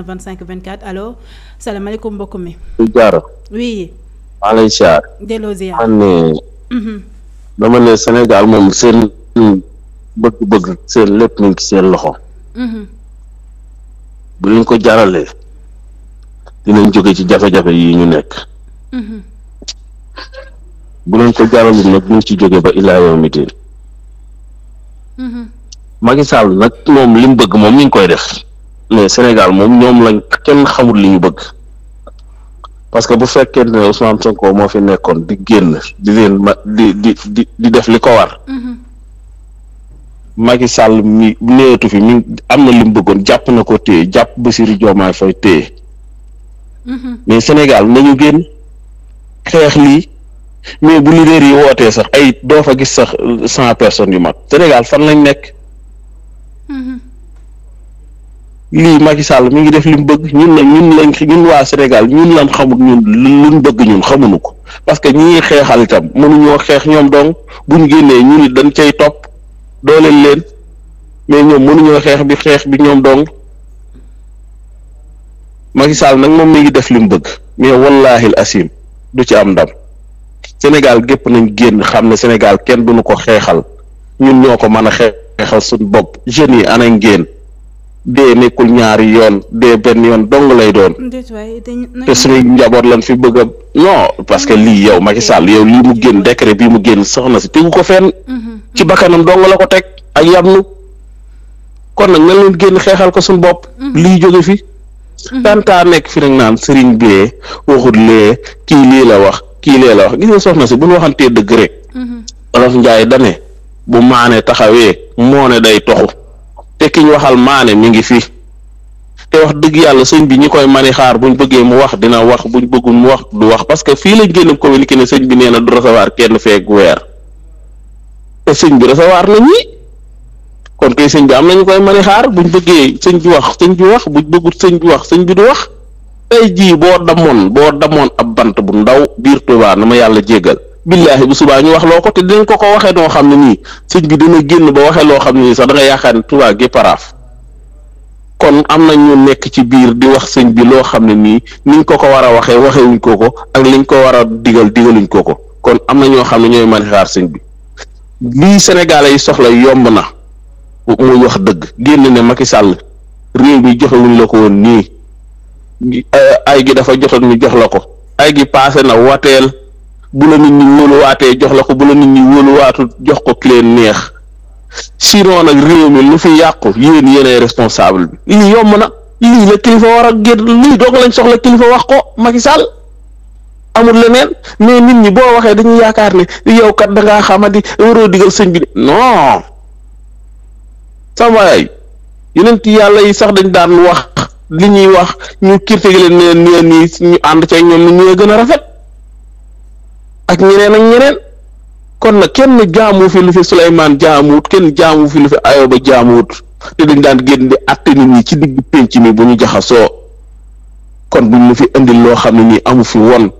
25 24 allo salaamaaleykum mbokk mi. Diarra. oui. maaleykum salaam. delloo ziar man ne. Mhm. dama ne Sénégal moom seen bëgg-bëgg seen lépp mu ci seen loxo. Mhm. bu leen ko jaaralee dinañ jóge ci jafe-jafe yi ñu nekk. Mhm. bu leen ko jaaralul nag duñ ci jóge ba illaa yawmi diin. Macky Sall nag moom li bëgg moom mi koy def. mais Sénégal moom ñoom lañ kenn xamul li ñu bëgg parce que bu fekkee ne Ousmane Sonko moo fi nekkoon di génn di leen ma di di di def li ko war. Mhm. Macky sàll mi néetu fi mi am na li bëggoon jàpp na ko téye jàpp Bassirou Diomaye Faye téye mhm. mais Sénégal nañu génn xeex lii mais bu leader yi wootee sax ay doo fa gis sax cent personnes yu mat Sénégal fan lañ nekk. Mhm. lii Macky Sall mi ngi def li mu bëgg ñun la ñun lañ ñun waa Sénégal ñun lan xamut ñun luñ bëgg ñun xamuñu ko parce que ñi xeexal itam mënuñoo xeex ñoom dong buñ génnee ñun dañ cay topp dooleel leen mais ñoom mënuñoo xeex bi xeex bi ñoom dong Macky Sall nag moom mi ngi def li bëgg mais wallaahi asim du ci am ndam Sénégal gépp nañ génn xam ne Sénégal kenn duñu ko xeexal ñun ñoo ko mën a xeexal suñ bopp jeunes yi ana ngeen dee nekkul ñaari yoon dee benn yoon dong lay doon te suñuy njaboot lan fi bëgg a non parce que lii yow Macky Sall lii mu génn décret bii mu génn soxna si tegu ko fenn mhm. ci bakkanam dong la ko teg ak yabnu kon nag nan leen génn xeexal ko suñu bopp mhm. lii jóge fi mhm. tantaa nekk fi nag naan sëriñ bee waxut lee kii lii la wax kii lee la wax gis soxna si bu ñu waxantee dëgg rek olof njaay dane bu maanee taxawee moo ne day toxu te ki ñu waxal maane mi ngi fi te wax dëgg yàlla sëñ bi ñi koy mani xaar buñ bëggee mu wax dina wax buñ bëggul mu wax du wax parce que fii lañ génn communiqué ne sëñ bi nee na du recevoir kenn fee weer te sëñ bi recevoir na ñi kon kay sëñ bi am nañu koy mani xaar buñ bëggee sëñ bi wax sëñ bi wax buñ bëggul sëñ bi wax sëñ bi du wax tey jii boo damoon boo damoon ab bant bu ndaw biir Tuubaa na ma yàlla jéggal billaahi bu subaa ñu wax loo ko te dinañ ko ko waxee noo xam ne nii sëñ bi dana génn ba waxee loo xam ne nii sax da nga yaakaar ne Tuubaa gi paraaf kon am na ñu nekk ci biir di wax sëñ bi loo xam ne nii niñ ko ko war a waxee waxewuñ ko ko ak liñ ko war a digal digaluñ ko ko kon am na ñoo xam ne ñooy mën sëñ bi lii Sénégalais yi soxla yomb na muy wax dëgg génn ne makki sàll réew mi joxewuñ la ko woon nii ay gi dafa jotoon ñu jox la ko ay na wateel. bu la nit ñi wóoluwaatee jox la ko bu la nit ñi wóoluwaatul jox ko ki leen neex sinon nag réew mi lu fi yàqu yéen yéenay responsable bi lii yomb na lii la kilifa war a gét lii doog lañ soxla kilifa wax ko Macky Sall amul leneen mais nit ñi boo waxee dañuy yaakaar ne yow kat da xamadi waroo digal sëñ bi non sama waay yeneen yàlla yi sax dañ daan wax li ñuy wax ñu kirte gi leen ne leen ñu ànd ceeg ñoom ñu gën a rafet. ak ñeneen ak ñeneen kon nag kenn jaamu fi lu fi Souleymane jaamuwut kenn jaamu fi lu fi Ayoba jaamuwut te dañ daan génn di àtte nit ñi ci digg pénc mi bu ñu jaxasoo kon buñ la fi indil loo xam ne nii amu fi woon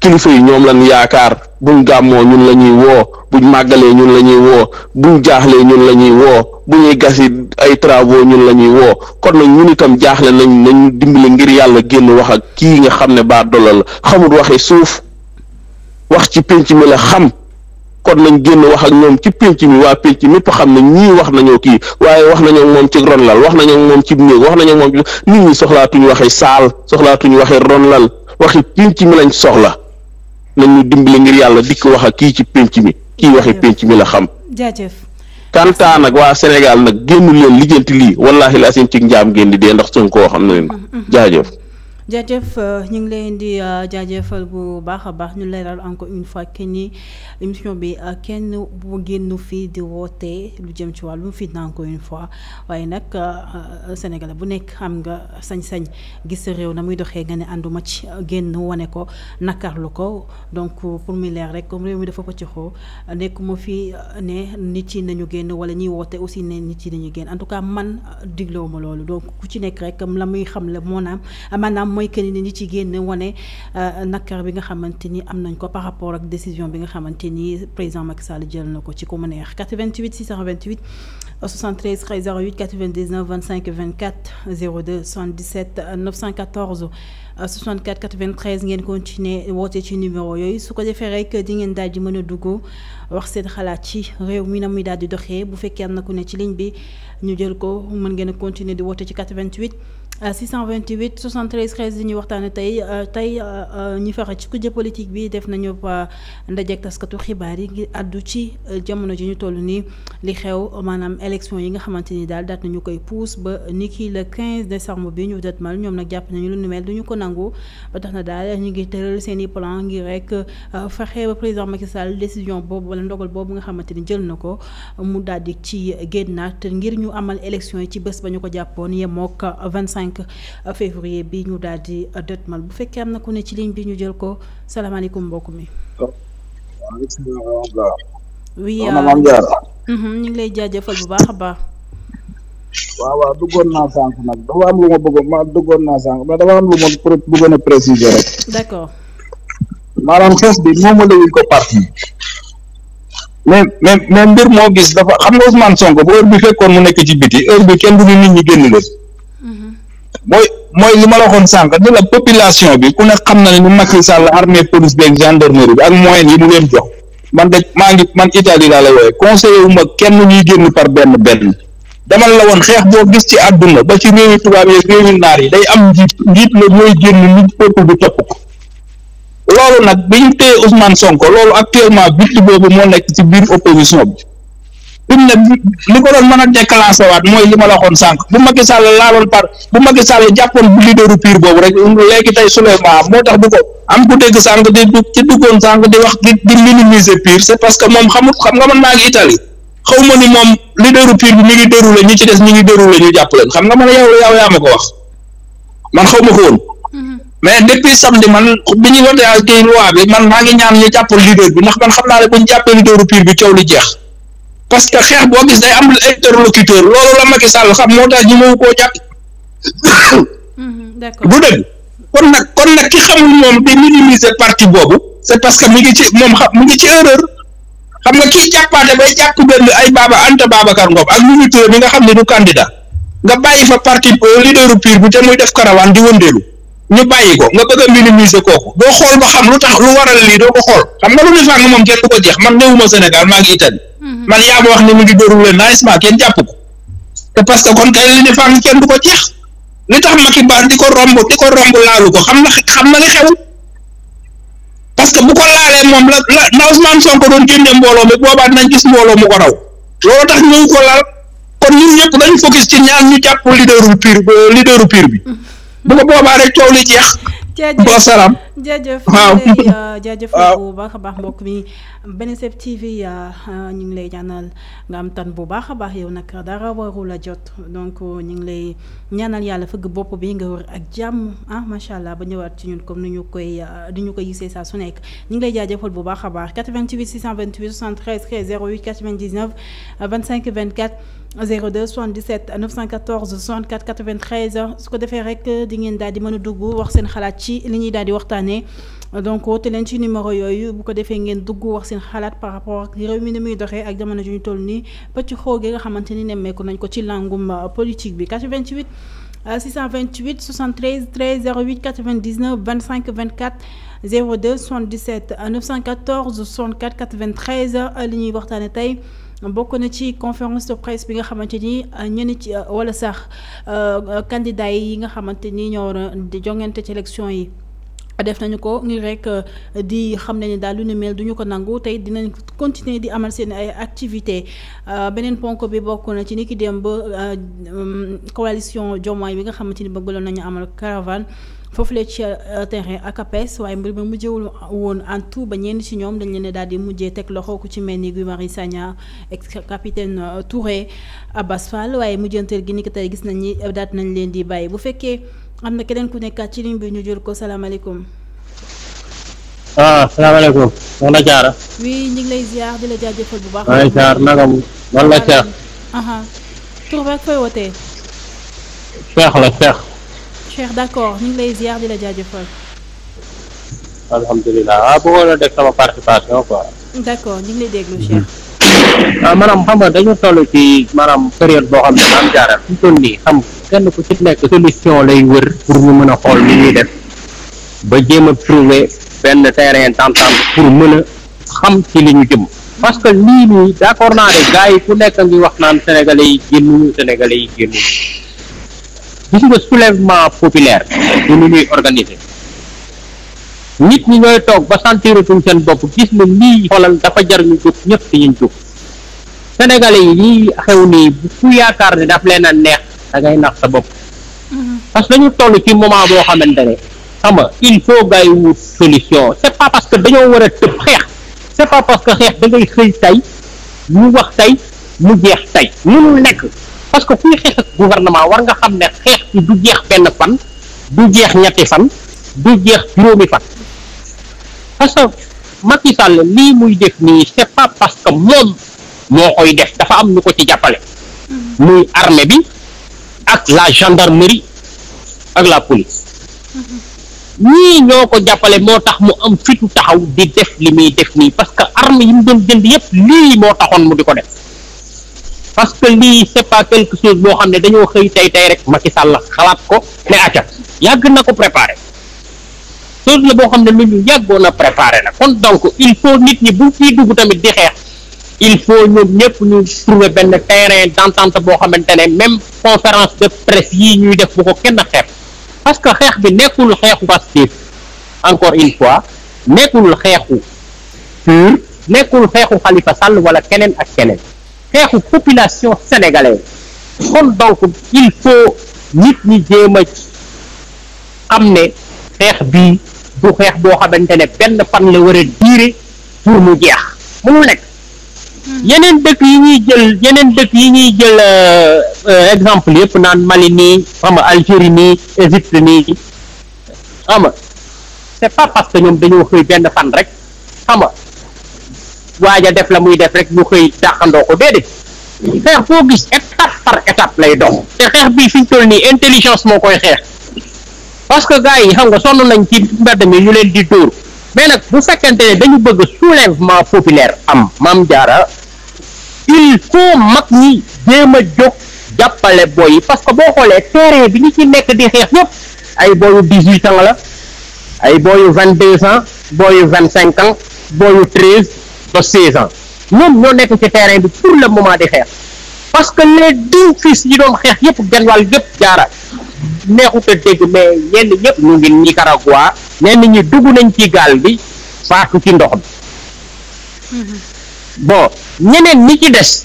kilifa yi ñoom lañ yaakaar buñ gàmmoo ñun la ñuy woo buñ màggalee ñun la ñuy woo buñ jaaxlee ñun la ñuy woo bu ñuy gasi ay travaux ñun la ñuy woo kon nag ñun itam jaaxle nañ nañ dimbale ngir yàlla génn wax ak kii nga xam ne baa dolla la xamul waxi suuf wax ci pénc mi la xam kon nañ génn wax ak ñoom ci pénc mi waa pénc mépp xam ne ñii wax nañoo kii waaye wax nañoo moom ci ronlal wax nañoo moom ci néeg wax nañoo moom ci nit ñi soxlaatuñu waxee saal soxlaatuñu waxee ronlal waxi pénc mi lañ soxla nañu dimbali ngir yàlla dikk wax ak kii ci pénc mi kii waxi pénc mi la xam kantaa nag waa Sénégal nag génnu leen lijjanti lii wallaahi la seen ci njaam ngeen di dee ndax Sonko xam na leen mm-hmm. jaajëf jaajëf euh, ñu ngi leen di euh, jaajëfal bu baax a baax ñu leeral encore une fois que ni émission bi euh, kenn bu génn fii di woote lu jëm ci wàllum fitna encore une fois waaye nag Sénégalais bu nekk xam nga sañ-sañ gis réew na muy doxee nga ne ànduma ci génn wane ko nakarlu ko donc pour muy leer rek comme réew mi dafa ko ci xoo nekkuma fii fi ne nit yi nañu génn wala ñuy woote aussi ne nit yi nañu génn en tout cas man digloo ma loolu donc ku ci nekk rek la muy xam la moo mooy que ni ñi ci génn wane euh, nakar bi nga xamante ni am nañ ko par rapport ak décision bi nga xamante ni président Macky Sall jël na ko ci ku mu neex 88 628 73 08 99 25 24 02 77 914 64 93 ngeen continuer woote ci numéro yooyu su ko defee rek di ngeen daal di mën a dugg wax seen xalaat ci réew mi na muy daal di doxee bu fekkee am na ku ne ci ligne bi ñu jël ko mën ngeen a continuer di woote ci 88. 628 73 13 di ñuy waxtaanee tey euh, tey euh, euh, ñi fexe ci kujje politique bi def nañu ndajeek taskatu xibaar yi ngir àddu ci jamono ji ñu toll nii li xew maanaam élection yi nga xamante ni daal daat nañu koy puus ba ni kii le 15 décembre bi ñu detmal ñoom nag jàpp nañu lu nu mel du ñu ko nangu ba tax na daal ñu ngi tëral seen i plan ngir rek fexe ba président Macky Sall décision boobu wala ndogal boobu nga xamante ni jël na ko mu daal di ci te ngir ñu amal élection yi ci bés ba ñu ko jàppoon yemook 25. 5 février bi ñu daal di euh, dëtmal bu fekkee am na ku ne ci ligne bi ñu jël ko salaamaaleykum mbokk mi. oui euh, mhm, ñu ngi lay jaajëfal bu baax a baax. waaw waaw duggoon naa sànq nag dafa am lu ma bëggoon ma duggoon naa sànq ma dafa am lu ma bëggoon a préciser rek. d'accord. maanaam xeex bi moomu la ñu ko parti. mais mais mais mbir moo gis dafa xam nga Ousmane Sonko bu heure bi fekkoon mu nekk ci biti heure bi kenn du ni nit ñi génn leen. mooy mooy li ma la waxoon sànq ni la population bi ku ne xam na ne ni Macky Sall armée police beeg gendarmerie bi ak moyens yi mu leen jox man de maa ngi man Italie laa la wooye conseiller wu ma kenn ñuy génn par benn benn demal la woon xeex boo gis ci àdduna ba ci réewi tubaab yeeg naar yi day am njiit njiit la ñooy génn nit peuple bi topp ko loolu nag bi ñu téye Ousmane Sonko loolu actuellement bitt boobu moo nekk ci biir opposition bi duñ ne li ko doon mën a déclenché waat mooy li ma la waxoon sànq bu Macky Sall laaloon par bu Macky Sall jàppoon bu leaderu pire boobu rek léegi tey soulèvement moo tax bu ko am ku dégg sànq di ci duggoon sànq di wax di di minimiser pire c'est parce que moom xamut xam nga man maa ngi Italie xaw ma ni moom leaderu pire bi mi ngi déroulé ci des ñi ngi déroulé ñu jàpp leen xam nga man a yow yaa ma ko wax man xaw ma ko woon mm-hmm. mais depuis samedi man bi ñu wote kii loi bi man maa ngi ñaan ñu jàppal leader bi ndax xam naa ne bu ñu jàppee leaderu jeex. parce que xeex boo gis nay am interlocuteur loolu la Macky Sall xam moo tax ñu mënu koo jàpp bu mm-hmm, dëgg kon nag kon nag ki xamul moom di minimiser parti boobu c'est parce que mi ngi ci moom xam mi ngi ci erreur xam nga kii jàppaate bay jàpp benn ay baaba Anta Babacar Ngom ak Mimi Touré nga xam ne du candidat nga bàyyi fa parti euh, leaderu pur bi te muy def karawaan di wëndeelu ñu bàyyi ko nga bëgg a minimiser kooku doo xool ba xam lu tax lu waral lii doo ko xool xam nga lu ne fàng moom kenn du ko jeex man néewuma Sénégal maa ngi Italie man yaa ma wax ne mi ngi dóoru leen naajement kenn jàpp ko te que kon kay li ne fang kenn du ko jeex li tax Macky Ba di ko romb di ko romb laalu ko xam na xam na li xew parce que bu ko laalee moom la la na Ousmane Sonko doon génne mbooloo mi boobaa dinañ gis mbooloo mu ko raw loolu tax ñu ko laal kon ñun ñëpp dañu focus ci ñaar ñu jàpp leaderu pire leaderu pire bi mm-hmm. bu ko boobaa rek coow li jeex. ba salaam. jaajëf waaw euh, jaajëf bu baax a baax mbokk mi Bénézet TV euh, euh, ñu ngi lay ñaanal nga am tan bu baax a baax yow nag dara warul a jot donc ñu ngi lay ñaanal yàlla fëgg bopp bi nga wër ak jàmm ah macha allah ba ñëwaat ci ñun comme ni ñu koy ni ñu koy gisee saa su nekk ñu ngi lay jaajëfal bu baax a baax 88 628 73 13 08 99 25 24 02 77 914 64 93 su ko defee rek di ngeen daal di mën a dugg wax seen xalaat ci li ñuy daal di waxtaan waxtaanee donc woote leen ci numéro yooyu bu ko defee ngeen dugg wax seen xalaat par rapport ak réew mi ni muy doxee ak jamono ju ñu toll nii pëcc xoo gi nga xamante ni nemmeeku nañ ko ci langum euh, politique bi 88 628 73 13 08 99 25 24 02 77 914 64 93 li ñuy waxtaanee tey. bokk na ci conférence de bi nga xamante nii euh, ñenn ci euh, wala sax kandidaay yi nga xamante ni ñoo war a di jongante ci élection yi. def nañu ko ngir rek euh, di xam ne ni daal lu ni mel duñu ko nangu tey dinañ continuer di amal seen ay activité euh, beneen ponk bi bokk na ci ni dem euh, ba coalition Diomaye bi nga xamante ni bëggaloon nañu amal caravane foofu la ci tere ak APES waaye mbir mi mujjewul woon en tout ba ñenn ci ñoom dañ leen ne daal di mujjee teg loxo ci mel ni Guy Marius Sagna ex capitaine Touré Abass Fall waaye mujjanteel gi ni tey gis nañ ni daat nañ leen di bàyyi bu fekkee. am na keneen ku nekkaat ci ligne bi ñu jël ko salaamaaleykum. ah salaamaaleykum. soxna Diarra. oui ñu ngi lay ziar di la jaajëfal bu baax. waaye Diarra naka mu man la Cheikh. tur beeg fooy wootee. Cheikh la Cheikh. Cheikh d'accord ñu ngi lay ziar di la jaajëfal. alhamdulilah ah bëggoon na dégg sama participation quoi. d'accord ñu ngi lay déglu Cheikh. Mm-hmm. Ah, maanaam xam nga dañu toll ci maanaam période boo xam ne maam jaara fi toll nii xam kenn ku ci nekk solution lay wër pour ñu mën a xool li ñuy def ba jéem a trouver benn terrain d'entente pour mën a xam ci li ñu jëm parce que lii nii d'accord naa de gars yi ku nekk ngi wax naan sénégalais yi génnuñu sénégalais yi génnuñu gis nga soulèvement populaire ñu nu ñuy organiser nit ñi ñooy toog ba sentiratuñ seen bopp gis ne lii xoolal dafa jar ñu jóg ñëpp dañuy jóg sénégalais yi lii xew nii fu yaakaar ne daf leen a neex da ngay nax sa bopp mhm. parce que dañu toll ci moment boo xamante ne xam nga il faut gars wut solution c'est pas parce que dañoo war a tëb xeex c'est pas parce xeex da ngay xëy tey mu wax tey mu jeex tey mënul nekk parce que kuy xeex ak gouvernement war nga xam ne xeex bi du jeex benn fan du jeex ñetti fan du jeex juróomi fan parce que Macky Sall lii muy def nii c'est pas parce que moo koy def dafa am lu ko ci jàppale muy armée bi ak la gendarmerie ak la police ñii ñoo ko jàppale moo tax mu am fitu taxaw di def li muy def nii parce que arme yi mu doon jënd yépp lii moo taxoon mu di ko def parce que lii c'est pas quelque chose boo xam ne dañoo xëy tey tey rek Macky Sall xalaat ko ne acca yàgg na ko préparé chose la boo xam ne lu ñu yàggoon a préparé la kon donc il faut nit ñi bu fii dugg tamit di xeex il faut ñoom ñëpp ñu trouver benn terrain dans d'entente boo xamante ne même conférence de presse yii ñuy def bu ko kenn xeex parce que xeex bi nekkul xeexu Pastef encore une fois nekkul xeexu PUR nekkul xeexu Khalifa sàll wala keneen ak keneen xeexu population sénégalaise kon donc il faut nit ñi jéem a xam ne xeex bii du xeex boo xamante ne benn fan la war a diire pour mu jeex mënul nekk yeneen dëkk yi ñuy jël yeneen dëkk yi ñuy jël euh, euh, exemple yëpp naan Mali nii xam nga Algérie nii Égypte nii xam nga c'est pas parce que ñoom dañoo xëy benn fan rek xam nga waaja def la muy def rek ñu xëy dàqandoo ko déedéet xeex foo gis étape par étape lay dox te xeex bii fi ñu toll nii intelligence moo koy xeex parce que gars yi xam nga sonn nañ ci mbedd mi ñu leen di dóor mais nag bu fekkente ne dañu bëgg soulèvement populaire am Mame Diarra il faut mag ñi jéem a jóg jàppale boy yi parce que boo xoolee terrain bi ñu ci nekk di xeex yëpp ay boyu dix-huit ans la ay boyu vingt-deux ans boyu vingt-cinq ans boyu treize ba seize ans ñoom ñoo nekk ci terrain bi pour le moment di xeex parce que les deux fils yi doon xeex yëpp genn wàll yëpp jaara neexut a dégg mais ñenn ñëpp ñu ngi Nicaragua ñenn ñi dugg nañ ci gaal bi faatu ci ndox bi mm-hmm. bon ñeneen ñi ci des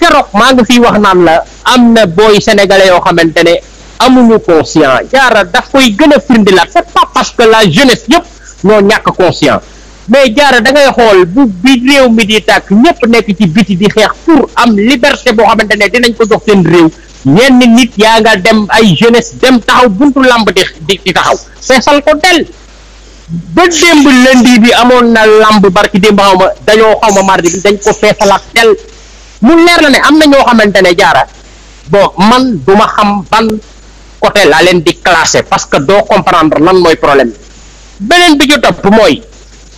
keroog maa ngi fiy wax naan la am na booy sénégalais yoo xamante ne amuñu conscient jaara daf koy gën a firndilaat c'est pas parce que la jeunesse yëpp ñoo ñàkk conscient mais jaara dangay xool bu bi réew mi di tàkk ñëpp nekk ci biti di xeex pour am liberté boo xamante ne dinañ ko jox seen réew ñenn nit yaa nga dem ay jeunesse dem taxaw buntu làmb di di taxaw feesal ko del ba démb lundi bi amoon na làmb barki démb xaw ma dañoo xaw ma mardi bi dañ ko feesalaat del mu leer la ne am na ñoo xamante ne jaara bo man duma xam ban côté laa leen di classé parce que doo comprendre lan mooy problème beneen bi ci topp mooy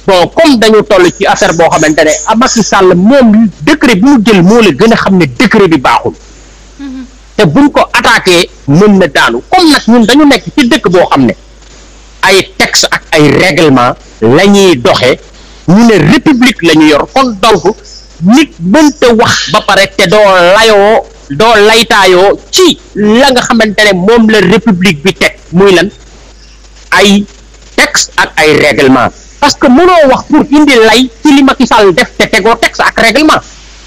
bon comme dañu toll ci affaire boo xamante ne Macky Sall moom décret bi mu jël moo la gën a xam ne décret bi baaxul te buñ ko attaqué mën na daanu comme nag ñun dañu nekk ci dëkk boo xam ne ay texte ak ay réglement la ñuy doxe ñu ne république la ñu yor kon donc nit mënta wax ba pare te doo layoo doo laytaayoo ci la nga xamante ne moom la république bi teg muy lan ay texte ak ay réglement parce que mënoo wax pour indi lay ci li Macky Sall def te tegoo texte ak règlement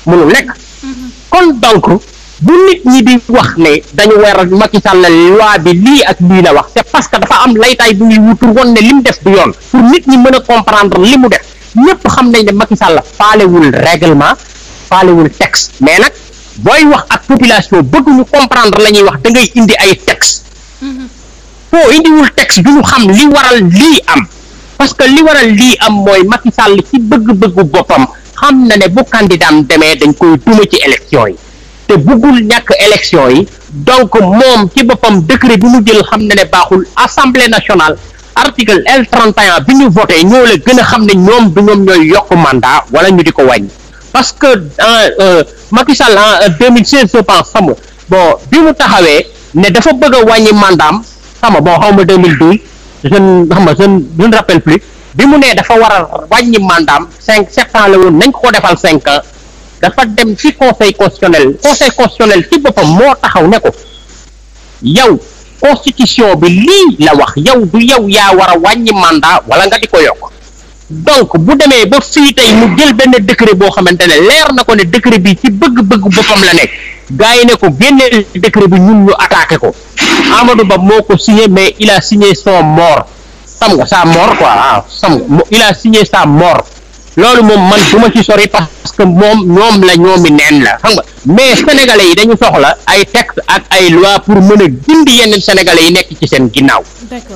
mënul nekk mm-hmm. kon donc bu nit ñi di wax ne dañu war a Macky Sall la loi bi lii ak lii la wax c'est parce que dafa am laytaay bu ñuy wutur woon ne li mu def du yoon pour nit ñi mën a comprendre li mu def ñëpp xam nañ ne Macky Sall faalewul règlement faalewul texte mais nag booy wax ak population bëgguñu comprendre la ñuy wax dangay indi ay texte foo indiwul texte du ñu xam li waral lii am parce que li waral lii am mooy Macky Sall ci bëgg-bëggu boppam xam na ne bu candidat am demee dañ koy duma ci élection yi te buggul ñàkk élection yi donc moom ci boppam décret bi mu jël xam ne ne baaxul assemblée nationale article L 31 bi ñu voté ñoo la gën a xam ne ñoom du ñoom ñooy yokk mandat wala ñu di ko wàññi parce que en euh, euh, Macky Sall en 2016 euh, je pense xam nga bi mu taxawee ne dafa bëgg a wàññi mandam xam nga bon xaw ma 2012 je ne xam nga je ne rappelle plus bi mu nee dafa war a wàññi mandam cinq sept ans la woon nañ ko defal cinq ans. dafa dem ci conseil constitutionnel conseil constitutionnel ci boppam moo taxaw ne ko yow constitution bi lii la wax yow du yow yaa war a wàññi mandat wala nga di ko yokk donc bu demee ba fii tey mu jël benn décret boo xamante ne leer na ko ne décret bi ci bëgg-bëgg boppam la nekk gars yi ne ko génneel décret bi ñun ñu attaqué ko Amadou Ba moo ko signé mais il signé son mort xam nga sa mort quoi ah xam nga il signé sa mort. loolu moom man du ma ci sori parce que moom ñoom la ñoomi neen la xam nga mais sénégalais yi dañu soxla ay texte ak ay loi pour mën a gind yeneen sénégalais yi nekk ci seen ginnaaw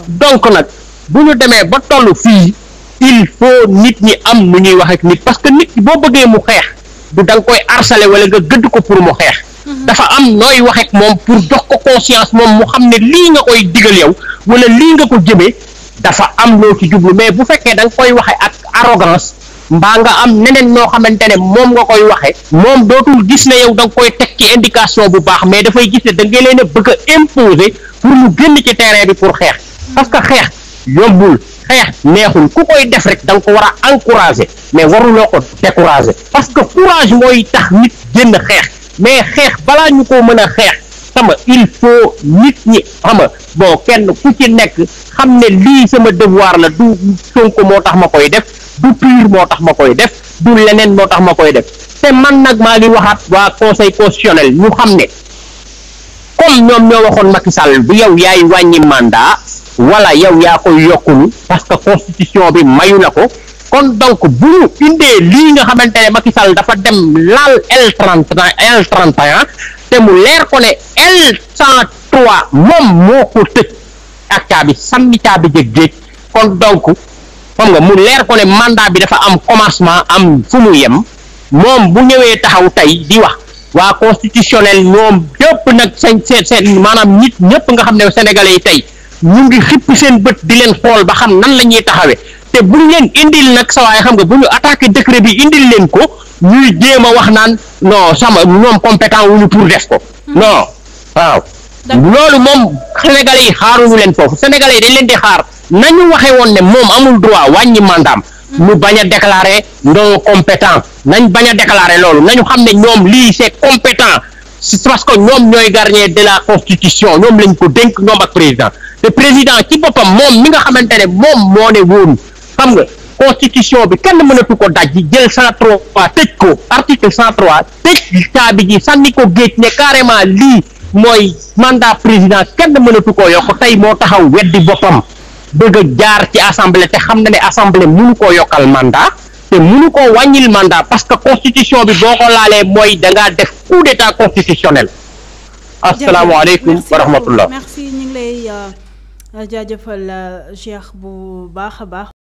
donc nag bu ñu demee ba toll fii il faut nit ñi am nu ñuy wax ak nit parce que nit boo bëggee mu xeex du da nga koy harceler wala nga gëdd ko pour mu xeex mhm. dafa am nooy wax moom pour jox ko conscience moom mu xam ne lii nga koy digal yow wala lii nga ko jëmee dafa am loo ci jublu mais bu fekkee da nga koy ak arrogance mbaa nga am neneen noo xamante ne moom nga koy waxe moom dootul gis ne yow da nga koy teg ci indication bu baax mais dafay gis ne da nga leen a bëgg a imposer pour mu génn ci terrain bi pour xeex parce que xeex yombul xeex neexul ku koy def rek da nga ko war a encourager mais waruloo ko décourager parce que courage mooy tax nit génn xeex mais xeex balaa ñu ko mën a xeex sama il faut nit ñi xama bon kenn ku ci nekk xam ne lii sama devoir la du Sonko moo tax ma koy def du pur moo tax ma koy def du leneen moo tax ma koy def te man nag maa ngi waxaat waa conseil constitutionnel ñu xam ne comme ñoom ñoo waxoon Macky Sall du yow yaay wàññi mandat wala yow yaa koy yokkulu parce que constitution bi mayu na ko kon donc bu ñu indee lii nga xamante ne Macky Sall dafa dem laal L trente L trente et un te mu leer ko ne L cent trois moom moo ko tëj ak caabi sàmmi caabi jéeg-jéeg kon donc xam nga mu leer ko ne mandat bi dafa am commencement am fu mu yem moom bu ñëwee taxaw tey di wax waa constitutionnel ñoom yëpp nag seen seen seen maanaam nit ñëpp nga xam ne sénégalais yi tey ñu ngi xippi seen bët di leen xool ba xam nan la ñuy taxawee te buñ leen indil nag sa waaye xam nga bu ñu attaqué décret bi indil leen ko ñuy jéem a wax naan non sama moom compétent wuñu pour def ko non waaw loolu moom sénégalais yi xaaruñu leen foofu sénégalais yi dañ leen di xaar nañu waxee woon ne moom amul droit wàññi mandaam mu bañ a déclarer non compétent nañ bañ a déclarer loolu nañu xam ne ñoom lii se compétent c'est parce que ñoom ñooy garne de la constitution ñoom lañ ko dénk ñoom ak président te président ci boppam moom mi nga xamante ne moom moo ne woon xam nga constitution bi kenn mënatu ko daj ji jël 103 tëj ko article 103 tëj caabi ji sànni ko géej ne carrément lii mooy mandat président kenn mënatu ko yokk tey moo taxaw weddi boppam bëgg jaar ci assemblée te xam na ne assemblée mënu koo yokkal mandat te mënu koo wàññil mandat parce que constitution bi boo ko laalee mooy da ngaa def coup d'état constitutionnel. asalaamaaleykum wa rahmatullah merci ñu euh, euh, Cheikh bu baax a baax.